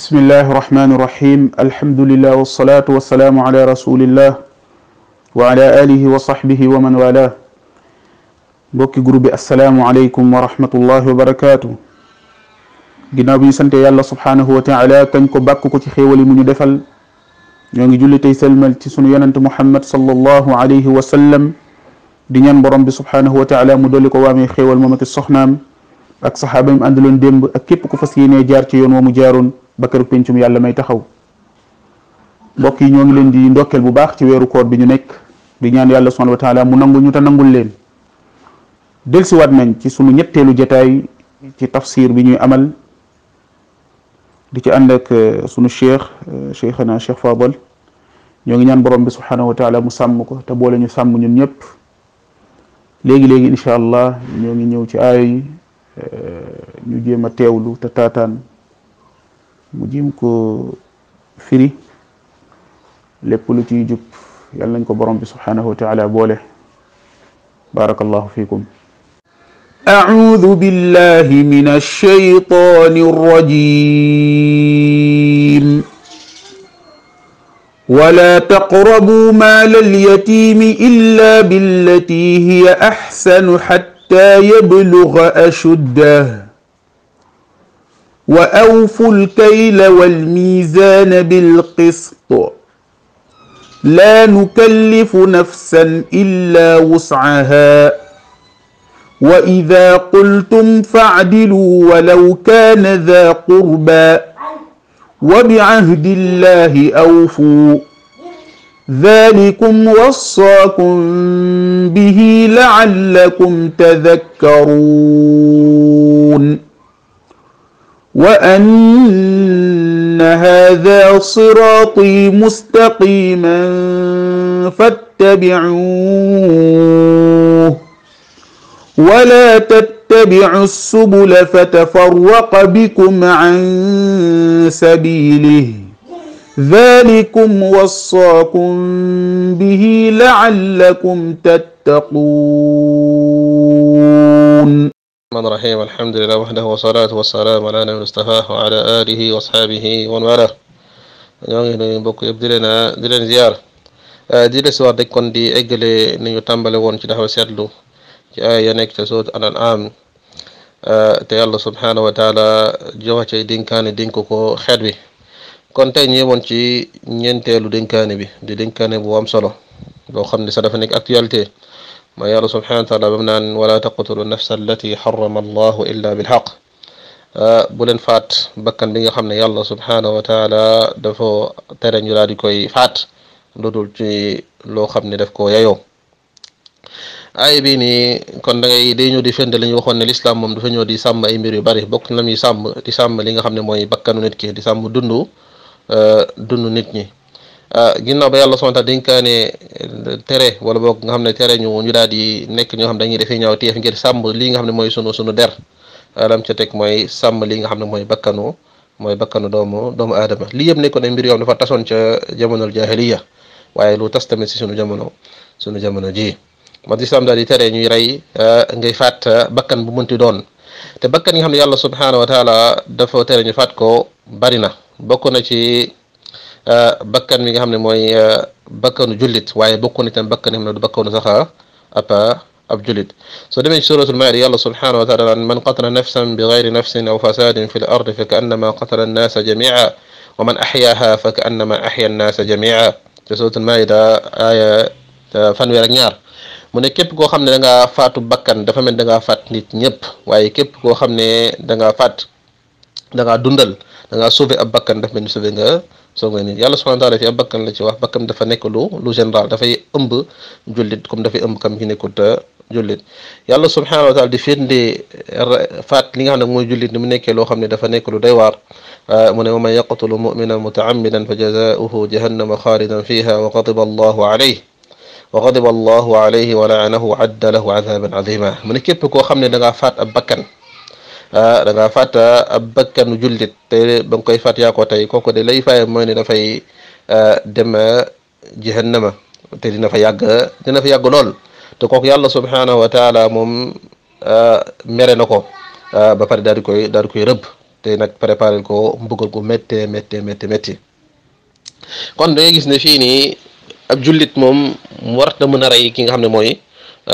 بسم الله الرحمن الرحيم الحمد لله والصلاة والسلام على رسول الله وعلى آله وصحبه ومن والاه بوك جروبي السلام عليكم ورحمة الله وبركاته جنابي سنت يا الله سبحانه وتعالى كنكو باكو كتي خيولي من دفل يونج جولي تي سلم محمد صلى الله عليه وسلم دينان برم سبحانه وتعالى مدلق وامي خيول ممت الصحنام اك صحابي مأندلون ديمب اكيبكو فسيني جارتي ومجارون ba këru pencum yàlla may taxaw mbokk yi ñoo ngi leen di ndokkeel bu baax ci weeru koor bi ñu nekk di ñaan yàlla subhanahu wa mu nangu ñu te nangul leen delsiwaat nañ ci sunu ñetteelu jataay ci tafsir bi ñuy amal di ci ànd ak euh, sunu cheikh euh, cheikhana cheikh Fadal ñoo ngi ñaan borom bi subhanahu wa mu sàmm ko te boole ñu sàmm ñun ñëpp léegi-léegi incha allah ñoo ngi ñëw ci aaya yi euh, ñu jéem a teewlu te taataan mu jiim ko firi lépp lu ciy jub سبحانه وتعالى ko بارك الله فيكم اعوذ بالله من الشيطان الرجيم ولا تقربوا مال اليتيم الا بالتي هي احسن حتى يبلغ اشده وأوفوا الكيل والميزان بالقسط لا نكلف نفسا إلا وسعها وإذا قلتم فاعدلوا ولو كان ذا قربى وبعهد الله أوفوا ذلكم وصاكم به لعلكم تذكرون وأن هذا صراطي مستقيما فاتبعوه ولا تتبعوا السبل فتفرق بكم عن سبيله ذلكم وصاكم به لعلكم تتقون الرحمن الرحيم الحمد لله وحده والصلاة والسلام على نبي المصطفى وعلى ñoo ngi nuyu mbokk yëpp di leen di leen ziar ah, di kon di eggale ni ñu tàmbale woon ci taxaw seetlu ci ay nekk ca sóot al-An'am ah, te yàlla subhaanahu wa taala joxe ci dénkaane dénk ko xeet bi kon tey ñu yemoon ci ñeenteelu dénkaane bi di dénkaane bu am solo boo xam ne sax dafa nekk actualité mooy yàlla subhanahu wa taala ba mu naan wala taqtulu nafsa allati xarama allahu illa bilxaq ah, bu leen faat bakkan bi nga xam ne yàlla subhanahu wa taala dafa tere ñu di koy faat ludul loo xam ne def ko yayoo ay bii nii kon dangay day ñëw di fende li ñu waxoon ne lislaam moom dafa ñëw di sàmm ay mbir yu bari bokk na la muy di sàmm li nga xam ne mooy bakkanu nit ki di sàmm dundu ah, dundu nit ñi Ah, ginnaaw ba yàlla subhaanahu wa taala dénkaane eh, tere wala boog nga xam ne tere ñu ñu daal di nekk ñoo xam dañuy defee ñaaw téef ngir sàmm lii nga xam ne mooy sunu sunu der ah, lam ca teg mooy sàmm lii nga xam ne mooy bakkanu mooy bakkanu doomu doomu aadama lii yëpp nekkoon ay mbir yoo xam dafa tasoon ca jamonol jaahiliya waaye lu tas tamit si sunu jamono sunu jamono ji ma islam daal di tere ñuy rey ah, ngay faat bakkan bu munti doon te bakkan yi nga xam ne yàlla subhaanahu wa taala dafa tere ñu faat ko bari na bokk na ci Euh, bakkan mi nga xam ne mooy euh, bakkanu jullit waaye bokkoon itam bakkan yi xam ne du bakkanu sax ah, ab jullit soo demee ci suratul maida yàlla subhanahu wa taala man qatala nafsan bi gayri nafsin aw fasadin fi l ardi a ka man fa ka annama axya annaasa jamia ci suratul maida aaya euh, fanweer ak ñaar mu ne képp koo xam ne da ngaa faatu bakkan dafa mel da ngaa faat nit ñëpp waaye képp koo xam ne da ngaa faat dundal da ngaa sauver bakkan dafa mel ni sauver nga soo yàlla subhanahu wa taala fi ab la ci wax bakam dafa nek lu lu général da fay ëmb julit comme da fay ëmb kam ci nekut julit yàlla subhanahu wa taala di fende fat li nga xamne moy julit ni mu nekke lo xamne ne dafa nek lu day war mu ne wa man yaqtulu mu'mina mutaammidan fa jazaauhu jahannama xaalidan fiha wa qadiba Allah alayhi wa qadiba allahu alayhi wa laanahu wa adda lahu azaban azima mu ne képp koo xam da ngaa faat ab bakkan Ah, danga ngaa a ah, ab bakkanu jullit te ba nga koy fàtt yaa ko tey de lay faye mooy ne dafay ah, dem jahannama te dina fa yàgg dina fa yàgg lool te kooku yàlla subhanahu wa moom mere na ko ba pare daal koy daal di rëbb te nag préparé ko mbugal ko méttee méttee méttee métti kon da gis ne fii nii ab jullit moom warta mën a rey ki nga xam ne mooy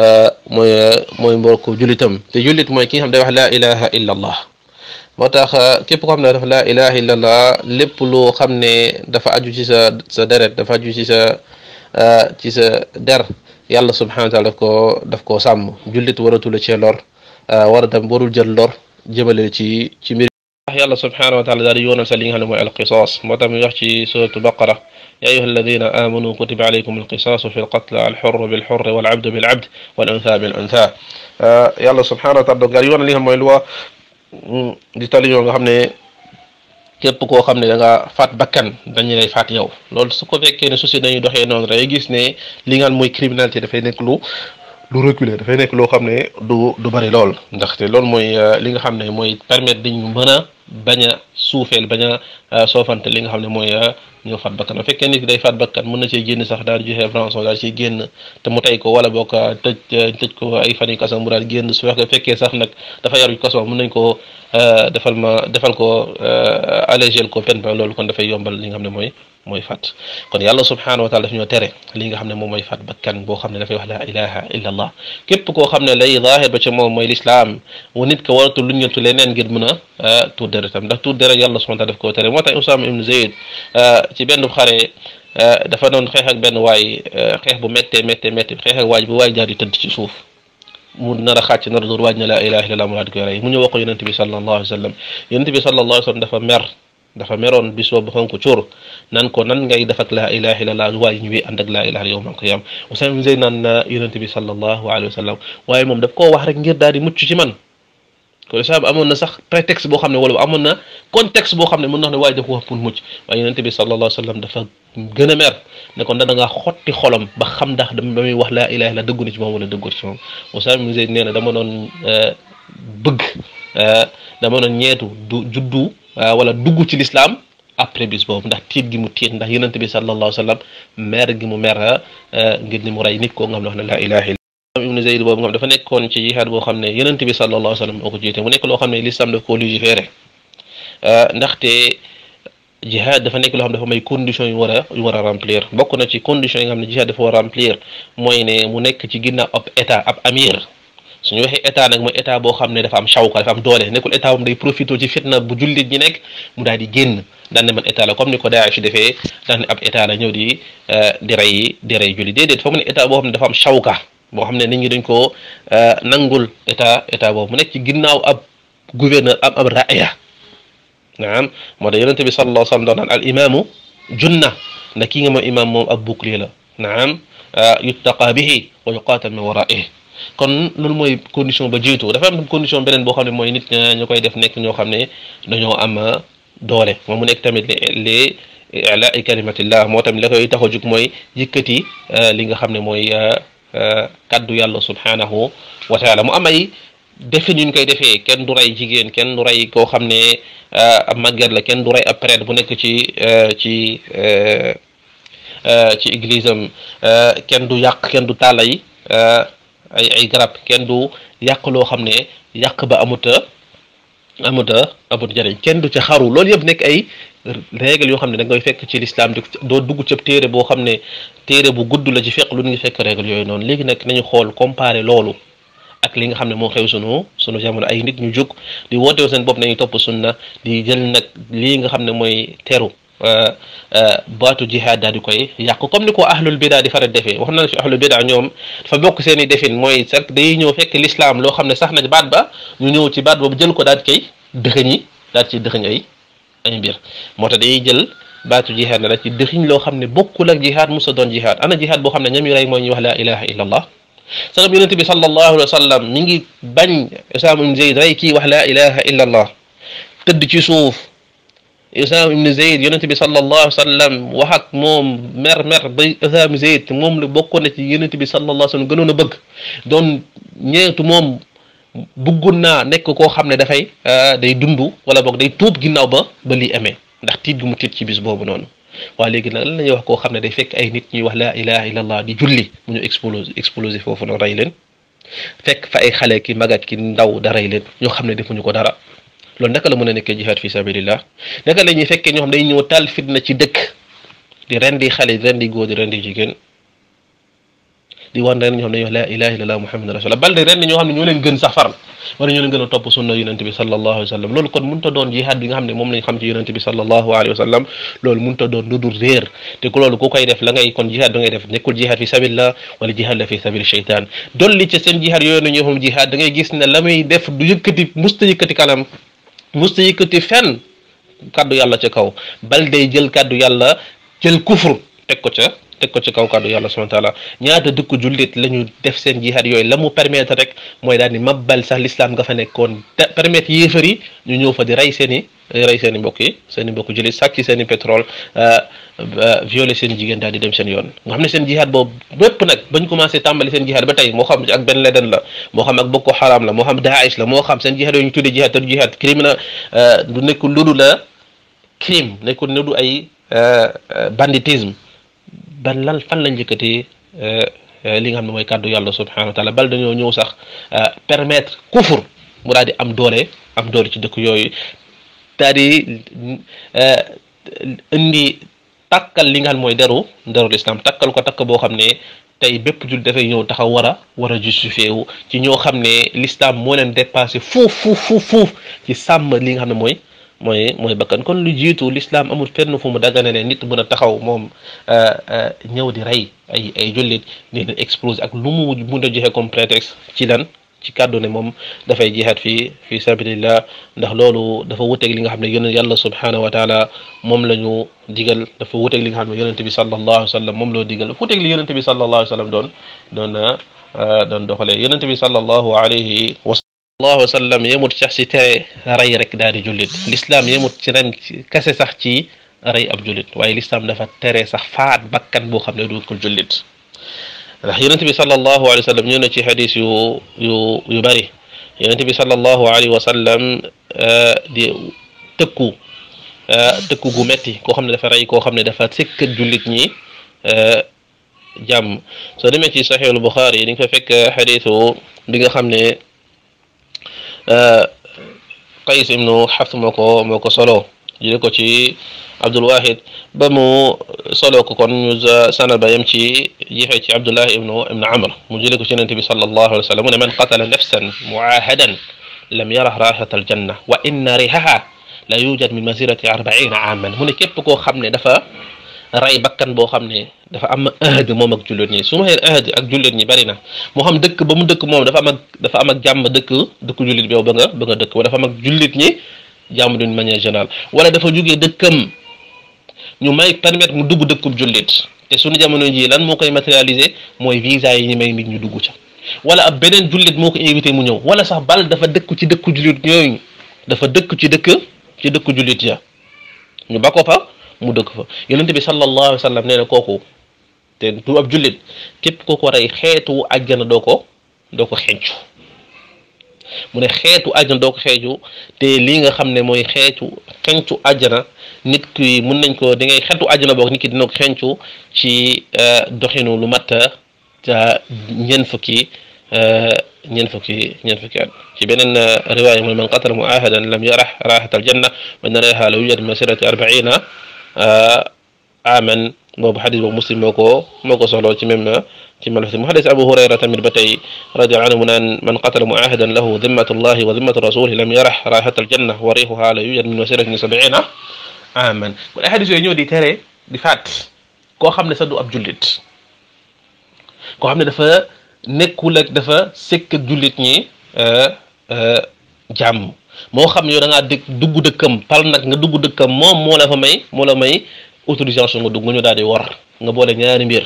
Euh, mooy euh, mooy mbokku jullitam te jullit mooy ki nga xam day wax laa ilaha illa moo tax euh, képp koo xam ne dafa laa ilaha illa allah lépp loo xam ne dafa aju ci sa deret dafa aju ci sa ci sa der yàlla subhanahu wa taala daf koo daf koo sàmm jullit waratula cee lor wara tam warul ci ci mbir wax yàlla wa taala daal di yoonal sa li nga xam ne mooy alqisaas moo tax wax ci suratu baqara يا أيها الذين آمنوا كتب عليكم القصاص في القتلى الحر بالحر والعبد بالعبد والأنثى بالأنثى yàlla subhaanahu wa taala nga yoon li nga xam mooy loi mm, di tali yoo nga xam ne képp koo xam ne da nga faat bakkan dañu lay faat yow loolu su ko fekkee ne société dañuy doxee noonu rek gis ne li nga xam mooy criminalité dafay nekk lu lu reculer dafay nekk loo xam ne du du bari lool ndaxte loolu mooy euh, li nga xam ne mooy permettre dañu mën a bañ a suufeel bañ a euh, soofante li nga xam ne mooy euh, ñëw faat bakkan bu fekkee nit ki day faat bakkan mën na cee génn sax daal di joxe rançon daal ciy génn te mu tey ko wala boog euh, tëj tëj ko ay fan yu kaso mu daal génn su fekkee sax nag dafa yaru kaso mën nañ ko defal ma defal ko allégeel ko peine ba loolu kon dafay yombal li nga xam ne mooy moy fat kon yàlla subhanahu wa taala daf ñoo tere li nga xamne mom moy fat ba kan bo xamne da fay wax la ilaha illa allah kep ko xamne lay zahir ba ci mom moy l'islam wu nit ko waratu lu ñëntu leneen ngir mëna a tuur tam ndax tuur deret yàlla subhanahu wa taala daf ko tere moo usama ibn Zayd ci benn xare dafa doon xex ak benn way xex bu méttee méttee méttee xex ak waaj bu way jaar di tëdd ci suuf mu nara xàcc nar dóor waaj ne laa ilaha illa allah mu laat koy rey mu ñëw wax ko yonente bi sallallahu alayhi wa sallam yonente bi sallallahu alayhi wa sallam dafa mer dafa meroon bis boobu xonk cuur nan ko nan ngay def ak laa ilaha illallah waaye ñëwee ànd ak laa ilaha illallah yawmal qiyaam Usaama Zeyd naan na yonente bi sallallahu alayhi wa sallam waaye moom daf koo wax rek ngir daal di mucc man kon saaba amoon na sax prétexte boo xam ne wala amoon na contexte boo xam ne mën na wax ne waaye daf ko pour mucc waaye yonente bi sallallahu alayhi wa sallam dafa gën a mer ne kon da ngaa xotti xolam ba xam ndax da muy wax laa ilaha illallah dëggu ci moom wala dëggu ci moom Usaama Zeyd nee na dama doon eh, bëg eh, dama doon ñeetu du juddu Euh, wala dugg ci lislaam après bis boobu ndax tiit gi mu tiit ndax yonent bi sallallahu alayhi wa sallam mer gi mu mer euh, ngir ni mu rey nit koo nga xam ne wax ne laa ilaha illa dafa nekkoon ci jihaad boo xam ne yonent bi sallallahu alayhi wa sallam moo ko mu nekk loo xam ne lislaam daf koo légiféré euh, ndaxte jihaad dafa nekk loo xam dafa may condition yu war a yu war a remplir bokk na ci condition yi nga xam ne jihaad dafa war a remplir mooy ne mu nekk ci ginnaaw ab état ab amir suñu waxee état nag mooy état boo xam ne dafa am shawka dafa am doole nekkul état moom day profité ci fitna bu jullit ñi nekk mu daal di génn daan ne man état la comme ni ko Daesh defee daan ne ab état la ñëw di euh, di rey di rey jullit déedéet foog ne état boo xam ne dafa am shawka boo xam ne nit ñi dañ ko euh, nangul état état boobu mu nekk ci ginnaaw ab gouverneur am ab raaya naam moo tax yonente bi sallallahu alayhi wa sallam doon naan al imaamu junna ndax kii nga moom imaam moom ab bouclier la naam euh, yuttaqa bihi wa yuqaatal kon loolu mooy condition ba jiitu dafa am condition beneen boo xam ne mooy nit ñu koy def nekk ñoo xam ne dañoo am doole moom mu nekk tamit les ala i kalimatillah moo tamit la koy tax a jug mooy euh, li nga xam ne mooy euh, euh, kaddu yàlla subhanahu wa taala mu am ay defe ñu koy defee kenn du rey jigéen kenn du rey koo xam ne ab màgget la kenn du rey ab bu nekk ci ci ci église am kenn du yàq kenn du taalay ay ay garab kenn du yàq loo xam ne yàq ba amuta amuta amut njëriñ kenn du ci xaru loolu yëpp nekk ay règle yoo xam ne da ngay fekk ci lislaam di doo dugg ci téere boo xam ne téere bu gudd la ci fekk lu ngi fekk règle yooyu noonu léegi nag nañu xool comparer loolu ak li nga xam ne moo xew sunu sunu jamono ay nit ñu jóg di wootewu seen bopp nañu topp sunna di jël nag li nga xam ne mooy teru Euh, euh, baatu jihaad daal di koy yàq comme ni ko ahlul bidaa di faral defee wax na si ahlul bidaa ñoom dafa bokk seen i defin mooy sax day ñëw fekk lislaam loo xam ne sax nañ baat ba ñu ñëw ci baat boobu jël ko daal di koy dëxëñ yi daal di ciy dëxëñ ay ay mbir moo ta day jël baatu jihaad na la ci dëxiñ loo xam ne bokkul ak jihaad musa doon jihaad ana jihaad boo xam ne ñoom yu rey mooy ñuy wax laa ilaha illa allah ngi bañ Usaama ibn Zayd rey kii wax laa ilaha illa allah ci suuf Usaama in Zayd yonent bi sallallahu alayhi wa sallam wax ak moom mer mer ba Usaama Zayd moom la bokkoon na ci yonent bi sallallahu alayhi wa sallam gënoon a bëgg doon ñeetu moom bëggoon naa nekk koo xam ne dafay day dundu wala boog day tuub ginnaw ba ba lii amee ndax tiit gu mu tiit ci bis boobu noonu waaye léegi nag lan la ñuy wax koo xam ne day fekk ay nit ñuy wax la ilaha illallah di julli mu ñu explose explosé foofu noonu rey leen fekk fa ay xale ki mag ki ndaw da rey leen ñoo xam ne defuñu ko dara loolu naka la mën a nekkee jihaad fi sabilillah naka la ñuy fekkee ñoo xam day ñëw taal fitna ci dëkk di rendi xale di rendi góor di rendi jigéen di wan rendi ñoo a ne moom a doon lu dul réer koy def la ngay kon jihaad da ngay def nekkul jihaad fi sabilillah wala jihaad la musta yëkkati fenn kàddu yàlla ca kaw bal day jël kàddu yàlla jël kufur teg ko ca teg ko ci kaw kàddu yàlla subhana taala ñaata dëkku jullit la ñu def seen jihaad yooyu la mu permettre rek mooy daal di mabbal sax lislaam nga fa nekkoon permettre yéefar yi ñu ñëw fa di rey seeni rey seen i mbokk yi seen i mbokk jullit sàcc seen i pétrole euh, violé seen jigéen daal dem seen yoon nga xam ne seen jihaad boobu ba tey moo xam ak Ben Laden la moo xam ak Boko Haram la moo euh, lu du la euh, crime nekkul lu du ay euh, banditisme ban lan fan la njëkkatee li nga xam ne mooy kàddu yàlla subhanahu wa taala bal dañoo ñëw sax permettre kufur mu daal di am doole am doole ci dëkk yooyu daal indi takkal li nga xam mooy deru derul islam takkal ko takk boo xam ne tey bépp jul dafay ñëw taxaw war a war a wu ci ñoo xam ne l'islam moo leen dépassé fuuf fuuf fuuf fuuf ci sàmm li nga xam ne mooy mooy mooy bakkan kon lu jiitu l'islam amul fenn fu mu daggane ne nit mën a taxaw moom euh, euh, ñëw di rey ay ay jullit di leen ak lu mu mun a joxe comme prétexte ci lan ci kàddu ne moom dafay jihaad fii fi sabilillah ndax loolu dafa wuteeg li nga xam ne yonent yàlla subhanahu wa taala moom la ñu digal dafa wuteeg li nga xam ne yonent bi sallallahu alayhi wa sallam moom loo digal dafa wuteeg li yonent bi sallallahu alayhi wa sallam doon doon ah, doon doxalee yonent bi sallallahu alayhi wa sallallahu wa sallam yemut sax si tere rey rek daal di jullit l'islam yemut ci rem kese sax ci rey ab jullit waaye l'islam dafa tere sax faat bakkan boo xam ne du ko jullit ndax yonent bi sallallahu alayhi wa sallam ñëw na ci xadis yu yu yu bëri yonent bi sallallahu alayhi wa sallam eh, di tëkku eh, tëkku gu metti koo xam ne dafa rey koo xam ne dafa sëkk jullit ñi eh, jàmm soo demee ci saxiix al Buxaari yi di nga fa fekk xadiisu bi nga xam ne Qays ibnu Xafs moo ko moo ko ko ci عبد الواحد بمو صلوك كون نيوز سنة بيمشي جيحي عبد الله ابن ابن عمر مجلك شنو النبي صلى الله عليه وسلم من قتل نفسا معاهدا لم يره راحة الجنة وإن ريحها لا يوجد من مسيرة 40 عاما هنا كيف كو خامني دفا راي بكن بو خامني دفا أم أهد مو مكجولني سوما هي أهد أكجولني بارنا مهم دك بوم دك مو دفا مك دفا مك جام دك دك جولني بيو بنا بنا دك ودفا مك جولني جام دون مانيا جنال ولا دفا جوجي دكم ñu may permettre mu dugg dëkku jullit te suñu jamono jii lan moo koy matérialiser mooy visa yi ñu may nit ñu dugg ca wala ab beneen jullit moo ko invité mu ñëw wala sax bal dafa dëkk ci dëkku jullit yooyu dafa dëkk ci dëkk ci dëkku jullit ya ñu bakko fa mu dëkk fa yonente bi sallallahu alayhi wa sallam nee kooku te du ab jullit képp koo ko xeetu àjjana doo ko doo ko xeecu mu ne xeetu àjjana doo ko xeecu te lii nga xam ne mooy xeetu xencu àjjana nit ki mun nañ ko da ngay xetu àjjana boog nit ki dina ko xencu ci doxinu lu mat ñeen fukki ñeen fukki ñeen fukki at ci beneen riwaaya mooy man qatala muahadan lam yarax raaxat aljanna wa inna reeha la yujad masirati arbaina aman boobu xadis boobu muslim moo ko moo ko solo ci même ci même mu xadis abu hurayra tamit ba tey radiallahu anhu mu naan man qatala muahadan lahu dimmatu llahi wa dimmatu rasulihi lam yarax raaxat aljanna wa riixuha la yujad min masiratin sabiina aman bu ay xadis yooyu ñëw di tere di faat koo xam ne sax du ab jullit koo xam ne dafa nekkul ak dafa sëkk ak jullit ñi euh, euh, jàmm moo xam ne danga ngaa dugg dëkkam pal nag nga dugg dëkkam moom moo la fa may moo la may autorisation nga dugg nga ñëw daal di wor nga boole ñaari mbir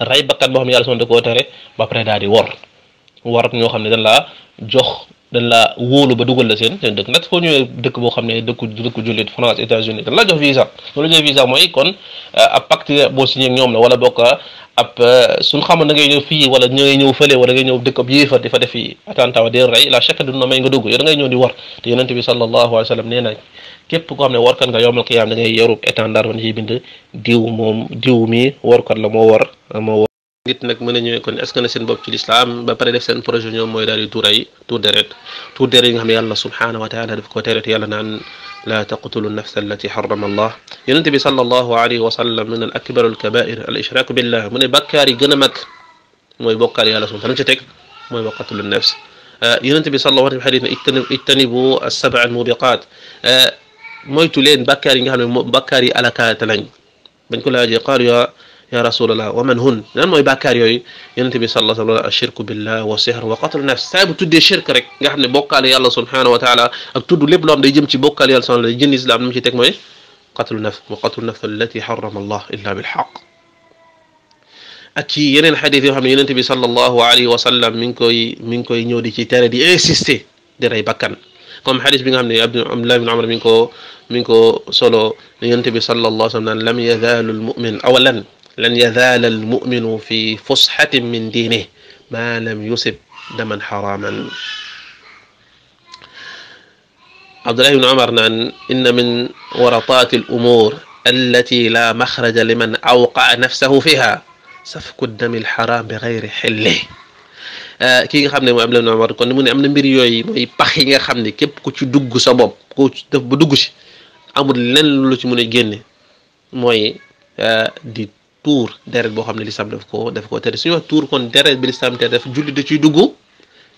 rey bakkan boo xam ne yàlla sonn da tere ba pare daal di wor war ñoo xam ne dañ jox dañ laa wóolu ba dugal la seen seen dëkk nag soo ñëwee dëkk boo xam ne dëkku dëkku jullit France États-Unis dañ la jox visa loolu jox visa mooy kon euh, ab pacte boo signé ak ñoom la wala bokk ab euh, suñ xamoon da ngay ñëw fii wala da ngay ñëw fële wala da ngay ñëw dëkk ab yéefar di fa def fi attentat wa dee rey la chaque dun na may nga dugg yow da ngay ñëw di war te yonent bi sallallahu alayhi wa sallam nee na képp koo xam ne warkat nga yowmal qiyaam da ngay yorub étendard wan ciy bind diw moom diw mi warkat la moo war moo nit nak meuna ñu kon est-ce que na seen bopp ci l'islam ba pare def seen projet ñom moy daal di tour ay tuur deret tour deret nga xam yàlla subhanahu wa taala def ko tereet yàlla nan la taqtulu an-nafs allati harrama allah yonente bi sallallahu alayhi wa sallam min al akbar al kabair al ishrak billah mune ne bàkkaar yi gën a mag mooy yàlla subhaanahu wa taala ci moy mooy an nafs yonente bi sallallahu alayhi wa sallam ittanibu ittanibu as-sab'a al mubiqat moytu len bàkkaar yi nga xam ne bàkkaar yi alakaata lañ bañ ko laaje qaalu yaa يا رسول الله ومن هن لأن ما يبقى كاريوي ينتبه صلى الله عليه وسلم الشرك بالله وسهر وقتل النفس تعب تدي شرك رك نحن بوكا لي الله سبحانه وتعالى أبتدوا لب لهم ديجم تي بوكا لي الله جن إسلام نمشي تك ماي إيه؟ قتل النفس وقتل النفس التي حرم الله إلا بالحق أكيد ين حديث يوم ينتبه صلى الله عليه وسلم منكوي منكوي نودي كي ترى دي إيسيستي دراي بكان كم حديث بن عمرو بن عمرو بن عمرو منكو منكو سولو ينتبه صلى الله عليه وسلم لم يزال المؤمن أولا لن يزال المؤمن في فسحة من دينه ما لم يصب دما حراما عبد الله بن عمر نان نعم، إن من ورطات الأمور التي لا مخرج لمن أوقع نفسه فيها سفك الدم الحرام بغير حله آه، كي خامن مو عبد الله عمر كون مو امنا مير يوي موي باخي غا خامن كيب كو تي دوغ سا بوب كو تي دوغ سي امول لين لو tour deret boo xam ne lislaam def ko def ko tere suñu wax tuur kon deret bi lislaam tere daf julli da ciy dugg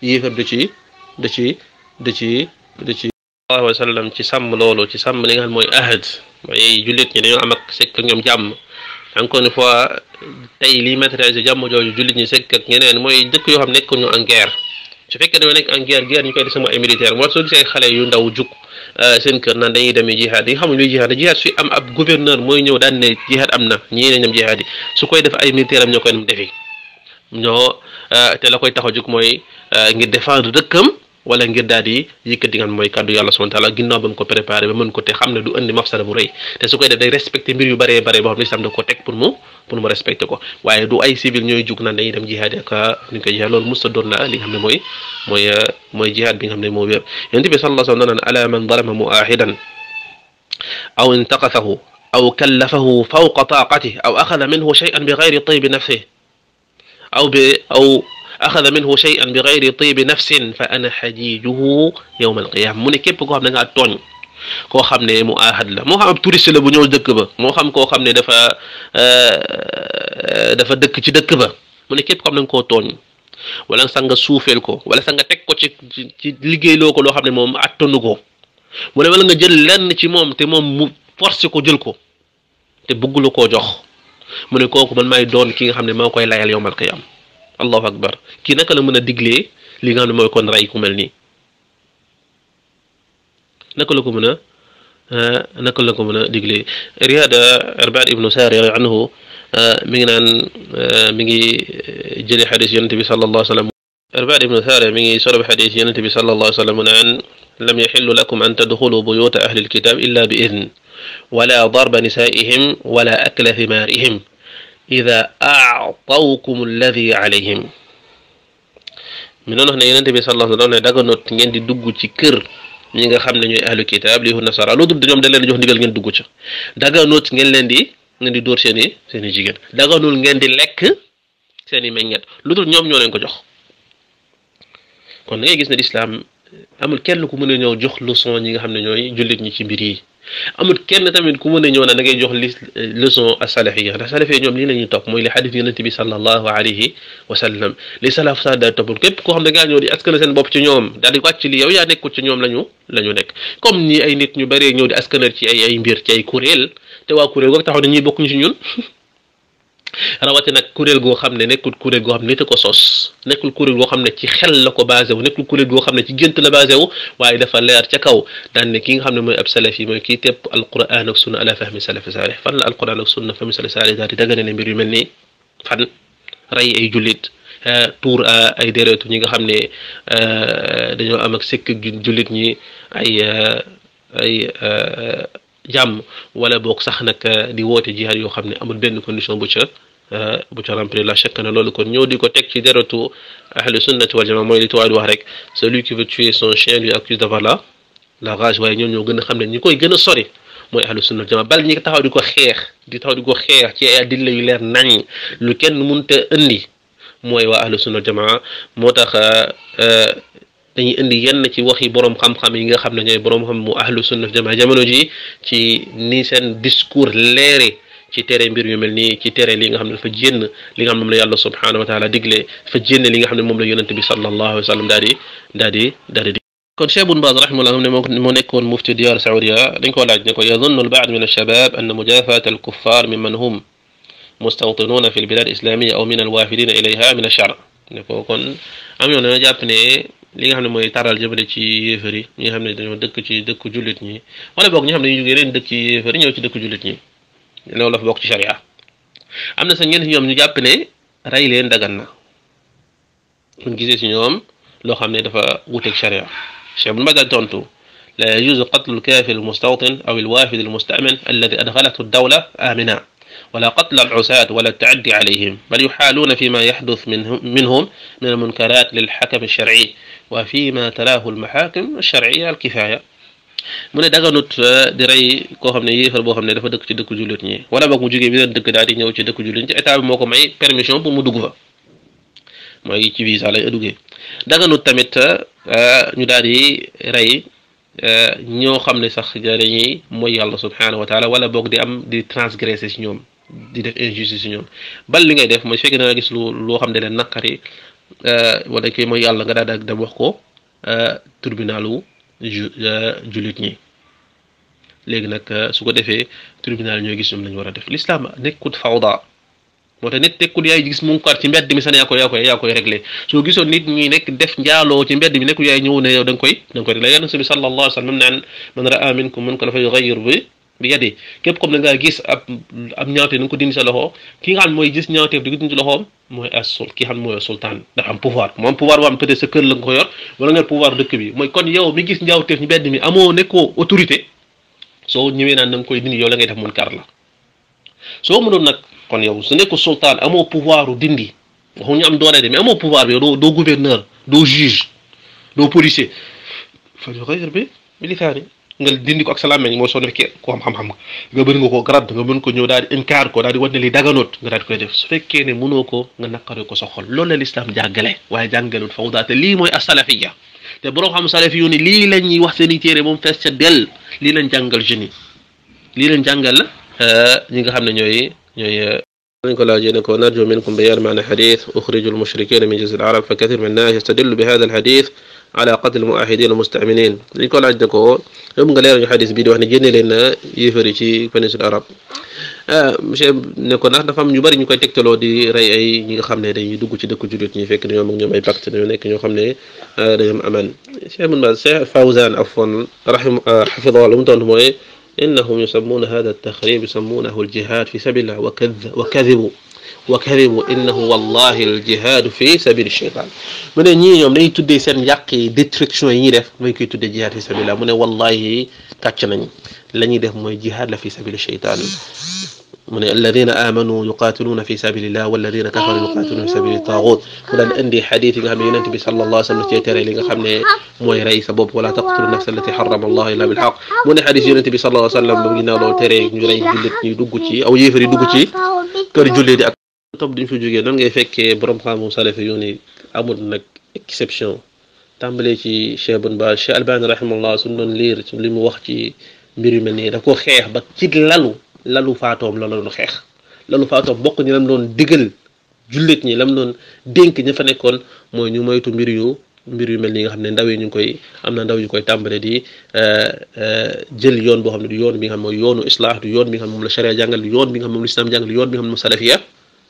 yéefar da ci du ci du ci du ci sallallahu alayhi wa ci sàmm loolu ci sàmm li nga xam mooy ahad mooy jullit ñi dañoo am ak sekk ak ñoom jàmm encore une fois tey lii matérialisé jàmm jooju jullit ñi sekk ak ñeneen mooy dëkk yoo xam nekk ñu en guerre su fekkee dañoo nekk en guerre guerre ñu koy def sama ay militaire moo tax soo gisee ay xale yu ndaw jug euh, seen kër naan dañuy demee jihaad yi nga xamul luy jihaad jihaad su am ab gouverneur mooy ñëw daan ne jihaad am na ñii ne ñoom jihaad yi su koy def ay militaire am ñoo koy defi ñoo euh, te la koy tax a jug mooy euh, ngir défendre dëkkam wala ngir daal di yëkkati nga mooy kàddu yàlla subhanahu wa taala ginnaaw ba mu ko préparé ba mën ko te xam ne du andi mafsada bu te su koy def day respecté mbir yu bëree bëree boo ko teg pour mu pour ko waaye du ay civil ñooy jug naan dem jihaad ak ñu koy jihaad loolu musta doon na li ne mooy mooy mooy jihaad bi nga xam ne moo wér yonent bi sallallahu alayhi wa sallam ala man dalama muahidan aw intaqasahu aw kallafahu fawqa taqatih aw axada minhu shay'an bi gayri taybi nafsihi aw oo minhu shay'an bi gayri tibi nafsin fa ana xajijuhu yowma alqiyama mu ne képp koo xam ne dangaa tooñ koo xam ne mu ahad la moo xam ab la bu ñëw dëkk ba moo xam koo xam ne dafa euh, dafa dëkk ci dëkk ba mu képp xam ne nga koo tooñ wala sax nga suufeel ko wala sax nga teg ko ci ci liggéeyloo ko loo xam ne moom attanu ko wala wala nga jël lenn ci moom te moom mu forcé ko jël ko te bëggula koo jox mu ne ko man maay doon ki nga xam ne moo koy layal yowmal qiyam الله اكبر كي نك لا مانا ديغلي لي غان موي كون راي كو ملني نك لا كو مانا نك لا كو مانا ديغلي رياض ارباد ابن ساري رضي عنه ميغي نان ميغي جيلي حديث النبي صلى الله عليه وسلم ارباد ابن ساري ميغي سولو حديث النبي صلى الله عليه وسلم ان لم يحل لكم ان تدخلوا بيوت اهل الكتاب الا باذن ولا ضرب نسائهم ولا اكل ثمارهم ida aatawkum alladi alayhim mi noon wax ne yonente bi sallallahu alayhi wa sallam ne daganot ngeen di dugg ci kër ñi nga xam ne ñooy ahlu kitaab li yahuud nasara loolu ñoom dañ leen di jox ndigal ngeen dugg ca daganot ngeen leen di ngeen di dóor seen i jigéen daganul ngeen di lekk seeni i meññet lu dul ñoom ñoo leen ko jox kon da gis ne lislaam amul kenn ku mën a ñëw jox leçon ñi nga xam ne ñooy jullit ñi ci mbir yi amut kenn tamit ku mën a ñëw na da ngay jox li leçon asalafiya ndax salafiya ñoom lii la ñuy topp mooy li xadis yonente bi sallallahu alayhi wa sallam li salaf sa daa topp képp koo xam na ngaa ñëw di askana seen bopp ci ñoom daal di wàcc li yow yaa nekkul ci ñoom la ñu la ñu nekk comme ni ay nit ñu baree ñëw di askanar ci ay ay mbir ci ay kuréel te waa kuréel goog taxaw na bokk bokkuñu ci ñun rawate nag kuréel goo xam ne nekkul kuréel goo xam ne nit a ko soos nekkul kuréel goo xam ne ci xel la ko basé wu nekkul kuréel goo xam ne ci gént la basé wu waaye dafa leer ca kaw daan ne ki nga xam ne mooy ab salaf mooy kii tepp alquran ak sunna ala fahmi salafi saalih fan la alquran ak sunna fahmi salafi saalih daal di dagane ne mbir yu mel nii fan rey ay jullit eh, tuur eh, ay déretu ñi nga xam ne eh, dañoo am ak sëkk julit ñi ay ay jàmm wala boog sax nag euh, di woote jihaad yoo xam ne amul benn condition bu ca euh, bu ca remplir la chèque na loolu ko ñëw di ko teg ci deretu ahlu sunnati wal jamaa mooy li tuwaay di wax rek celui qui veut tuer son chien lui accuse d'avoir la la rage waaye ñoo gën a xam ne ñi koy gën a sori mooy ahlu sunna wal jamaa bal ñi taxaw di ko xeex di taxaw di ko xeex ci ay adilla yu leer nañ lu kenn mënut a indi mooy waa ahlu sunna wal moo tax. Euh, dañuy indi yenn ci waxi borom xam-xam yi nga xam ne ñooy borom xam mu ahlu sunna jama jamono ji ci ni seen discours leere ci tere mbir yu mel nii ci tere li nga xam ne dafa jénn li nga xam ne moom la yàlla subhanahu wa taala digle dafa jénn li nga xam ne moom la yonent bi sallallahu alayhi wa sallam daal di daal di daal di kon cheikh bun baz rahimahullah ne moo nekkoon mufti diyar saudia dañ ko laaj ne ko yadunnu albaad min alshabab an mujafat alkuffar man hum mustawtinuuna fi مستوطنون في البلاد الإسلامية أو من ne ko kon am yoon أمي jàpp ne li nga xamne moy taral jëmale ci yéfëri ñi xamne dañu dëkk ci dëkk julit ñi wala bok ñi xamne ne ñu jógee leen dëkk ci yéfëri ñëw ci dëkk julit ñi loolu la bok ci sharia amna na sax ñenn si ñu jàpp ne ray leen dagan na ñu gisé ci ñom lo xamne dafa wuté ci sharia cheikh bu magal tontu la yajuzu qatlu lkafir almustawtin aw alwafid almustamin alladi adxalathu dawla amina ولا قتل العساة ولا التعدي عليهم بل يحالون فيما يحدث منهم من المنكرات للحكم الشرعي وفيما تلاه المحاكم الشرعية الكفاية mu ne daganut di rey koo xam ne yéefar boo xam ne dafa dëkk ci dëkk jullit ñi wala boog mu jógee beneen dëkk daal di ñëw ci dëkk jullit ci état bi moo ko may permission pour mu dugg fa mooy ci visa lay duggee daganut tamit ñu daal di rey ñoo xam ne sax dañuy mooy yàlla subhanahu wa taala wala boog di am di transgresser si ñoom di def injustice si ñoom bal li ngay def mooy su fekkee da nga gis lu loo xam ne leen naqari Euh, wala kii mooy yàlla nga daal dem wax ko euh, tribunalu ju euh, jullit ñi léegi nag su ko defee tribunal ñooy gis ñoom lañu war a def l'islam nekkut fawda moo tax nit tekkul yaay gis mu ngi ci mbedd mi sax yaa koy yaa koy réglé soo gisoon nit ñi nekk def njaaloo ci mbedd mi nekkul yaay ñëw ne yow da nga koy da nga koy réglé yonent bi sallallahu alayhi wa sallam naan man raa minkum munkaran falyughayyirhu bi bi yadee képp comme da nga gis ab ab ñaawteef ko dindi sa loxo ki nga xam mooy gis ñaawteef di ko dindi ci loxoom am pouvoir moo am pouvoir boo am peut-être sa kër la nga ko yor wala nga pouvoir bi mooy kon yow mi gis ñaawteef ñu bedd mi amoo nekkoo autorité soo ñëwee naan da nga koy dindi yow la ngay def mun kar la soo mënoon nag kon yow su nekko sultaan amoo pouvoir u dindi waxu ñu am doole de mais amoo pouvoir bi yow doo doo gouverneur doo juge doo policier fa bi militaan yi nga dindi ko ak sa làmmeñ mooy soo nekkee ku xam-xam-xam nga bëri nga ko garab nga mën ko ñëw daal di inkaar ko daal di wan ne li daganoot nga daal di koy def su fekkee ne mënoo ko nga naqare ko sa xol loolu la lislaam jàngale waaye jàngalul fawda te lii mooy asalafiya te borom xam salafi yu ne lii la ñuy wax seen i téere moom fees ca dell lii lañ jàngal jeunes yi lii lañ jàngal ñi nga xam ne ñooy ñooy منك لا جينك ونرجو منكم بيان معنى حديث أخرج المشركين من جزء العرب فكثير من الناس يستدل بهذا الحديث على قتل المؤحدين المستعمرين ليكون عندك هو يوم قال لي حديث بيد واحنا جينا لنا يفري شي العرب اه مش نكون احنا فهم ني بري نكاي تكتلو دي راي اي نيغا خامني داني دوغ سي دكو جوريت ني فيك نيوم نيوم اي باكت نيو نيك نيو خامني داني امان شيخ من بعد شيخ فوزان عفوا رحم آه، حفظه الله مدن موي إيه؟ انهم يسمون هذا التخريب يسمونه الجهاد في سبيل الله وكذ وكذبوا وكريم انه والله الجهاد في سبيل الشيطان من ني نيوم ني تودي سين ياقي ديستركسيون ني ديف ماي كي تودي جهاد في سبيل الله من والله كاتش ناني لا ني ديف موي جهاد في سبيل الشيطان من الذين امنوا يقاتلون في سبيل الله والذين كفروا يقاتلون في سبيل الطاغوت ولن عندي حديث غام ينتبي صلى الله عليه وسلم تيتري لي خامني موي راي سبب ولا تقتل النفس التي حرم الله الا بالحق من حديث ينتبي صلى الله عليه وسلم بغينا لو تري ني راي جليت ني دوغتي او يفري دوغتي كير جليدي top duñ fi jógee nan ngay fekkee borom xam-xamu salafiyuun yi amul nag exception tàmbalee ci Cheikh Bon Ba Cheikh Alban rahimahullah suñ doon liir ci li mu wax ci mbir yu mel nii da ko xeex ba ci lalu lalu faatoom la doon xeex lalu faatoom bokk ñi lam doon digal jullit ñi lam doon dénk ñi fa nekkoon mooy ñu moytu mbir yu mbir yu mel nii nga xam ne ndaw yi ñu koy am na ndaw yu koy tàmbale di jël yoon boo xam ne du yoon bi nga xam mooy yoonu islaax du yoon bi nga xam moom la charia jàngal du yoon bi nga xam moom la islam jàngal du yoon bi nga xam moom salafiya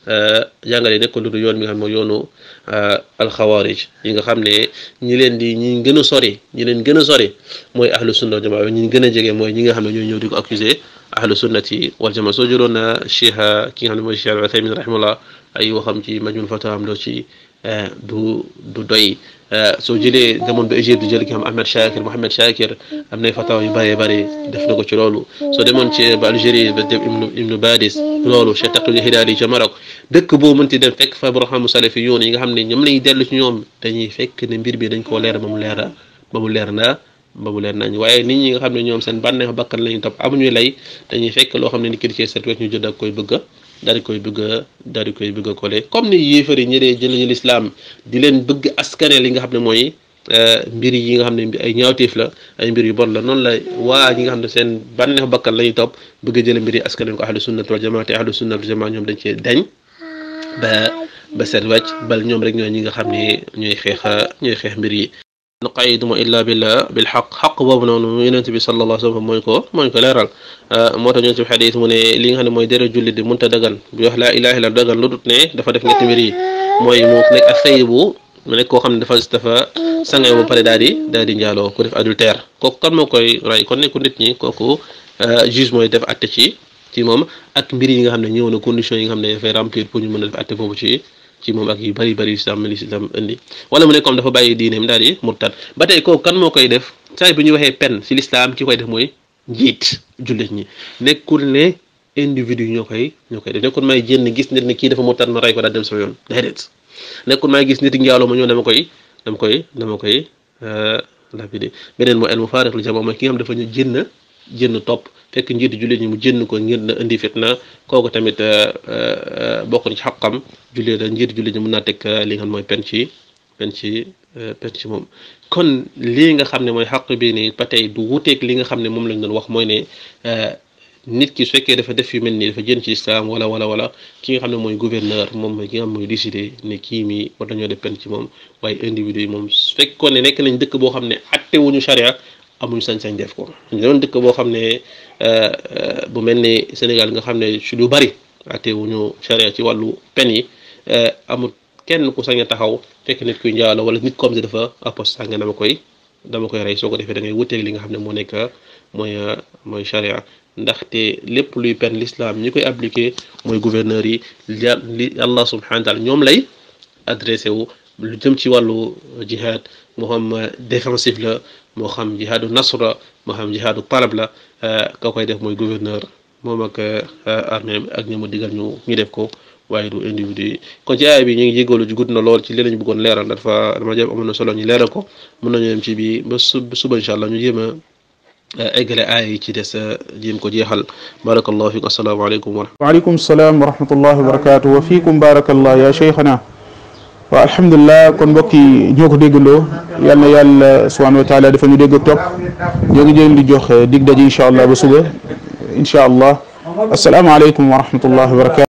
Euh, jàngale nekkoon du yoon bi nga xam yoonu euh, alxawaarij yi nga xam ne ñi leen di ñii gën a sori ñi leen gën a sori mooy ahlu sunna wal jamaa ñi gën a jege mooy ñi nga xam ne ñooy ñëw di ko accusé ahlu sunnati wal jamaa soo jëloon na euh, cheikh ki nga xam ne mooy cheikh al Uthaymin rahimahullah ay waxam ci majmul fatawaam loo ci du du doy Eh, soo jëlee demoon ba Égypte jël ki xam Ahmed Shakir Mohamed Shakir am nay fatawa yu bëree bëri def na ko ci loolu soo demoon ci ba Algérie ba dem ibnu ibnu Badis loolu Cheikh Taqiyul Hilaali ca Maroc dëkk boo mënti dem fekk fa boroxamu salafi yoon yi nga xam ne ñoom lañuy dellu ci ñoom dañuy fekk ne mbir bi dañ koo leer ba mu leera ba mu leer naa ba mu leer nañ waaye nit ñi nga xam ne ñoom seen bànneexu bakkan lañuy topp amuñu lay dañuy fekk loo xam ne ni kii di ñu jënd ak koy bëgg daal koy bëgg a daal koy bëgg a kole comme ni yéefar yi ñi dee jëlee lislaam di leen bëgg askane li nga xam ne mooy euh, mbir yi nga xam ne ay ñaawteef la ay mbir yu bon la noonu la waa yi nga xam ne seen bànneexu bakkan lañuy topp bëgg a jëlee mbir yi askane ko ahlu sunnat wal jamaa te ahlu sunnat wal jamaa ñoom dañ cee dañ ba seen wàcc bal ñoom rek ñooy ñi nga xam ne ñooy xeex ñuy xeex mbir yi nu qayidumo illa billah bil xaq xaq boobu noonu yonent bi sallallahu alayhi mooy ko mooy ko leeral euh, moo tax ñun ci xadis xam ne mooy dere jullit di munta dagan bi wax laa ilaaha illa dagan lu dut ne dafa def ñetti mbir mooy mu nekk ak say bu nekk koo xam ne dafa dafa sangay ba pare daal di daal di njaaloo ku def adultère kooku kan moo koy rey kon nekku nit ñi kooku euh, juge mooy def atte ci ci moom ak mbir nga xam ne ñëw na condition yi nga xam ne dafay remplir pour ñu mën a def atte boobu ci ci moom ak yu bari bari islam li islam indi wala mu ne comme dafa bàyyi diineem daal di murtad ba tey kooku kan moo koy def saa bi ñu waxee pen si lislaam ki koy def mooy njiit jullit ñi nekkul ne individu ñoo koy ñoo koy def nekkul may jénn gis nit ne kii dafa murtad ma rey ko daal dem yoon déedéet nekkul may gis nit njaaloo ma ñëw dama koy dama koy dama koy euh, lapide beneen moo el mu faarixlu jama mooy ki nga xam dafa ñu jénn jënn topp fekk njiitu jullit ñi mu jënn ko ngir na indi fitna kooku tamit euh, euh, bokk na ci xaqam jullit da njiitu jullit ñi mën naa teg euh, li nga xam mooy pen ci pen ci pen moom kon lii nga xam ne mooy xaq bi nii ba tey du wuteek li nga xam ne moom lañ doon wax mooy ne nit ki su fekkee dafa def yu mel nii dafa jën ci islam wala wala wala ki nga xam ne mooy gouverneur moom ki nga xam mooy décidé ne kii mii war nañoo def pen ci moom waaye individu yi moom su fekkoon ne nekk nañ dëkk boo xam ne atte wuñu charia amuñ sañ-sañ def ko ñu dëkk boo xam ne euh, euh, bu mel ni Sénégal nga xam ne ci lu bari ñu charia ci wàllu pen yi euh, amul kenn ku sañ taxaw fekk nit kuy njaalo wala nit comme si dafa apost nga dama koy dama koy rey soo ko defee da ngay wuteeg li nga xam ne moo nekk mooy mooy charia ndaxte lépp luy pen l'islam ñi koy appliqué mooy gouverneur yi li Allah subhanahu wa ñoom lay adressé wu lu jëm ci wàllu jihad moo xam défensif la moo xam jihaadu nasra moo xam jihaadu talab la eh, ka mooy gouverneur moom ak eh, armée ak ñi mu digal ñu ñu def ko waaye du individu yi kon ci aaya bi ñu ngi jégalu ji gudd na lool ci li lañu bëggoon leeral dafa dama jëm amoon na solo ñu leeral ko mën nañu dem ci bi ba sub suba incha allah ñu jéem a eh, eggale aaya yi ci des jéem ko jeexal barakallahu fikum asalaamaaleykum wa waaleykum salaam wa rahmatullahi wa barakaatu wa fiikum barakallah والحمد لله كن بكي نيوك ديغلو يالنا يال سبحانه وتعالى دا فنيو ديغ توك نيغي جين جوخ ديغ دجي ان شاء الله بسوغا ان شاء الله السلام عليكم ورحمه الله وبركاته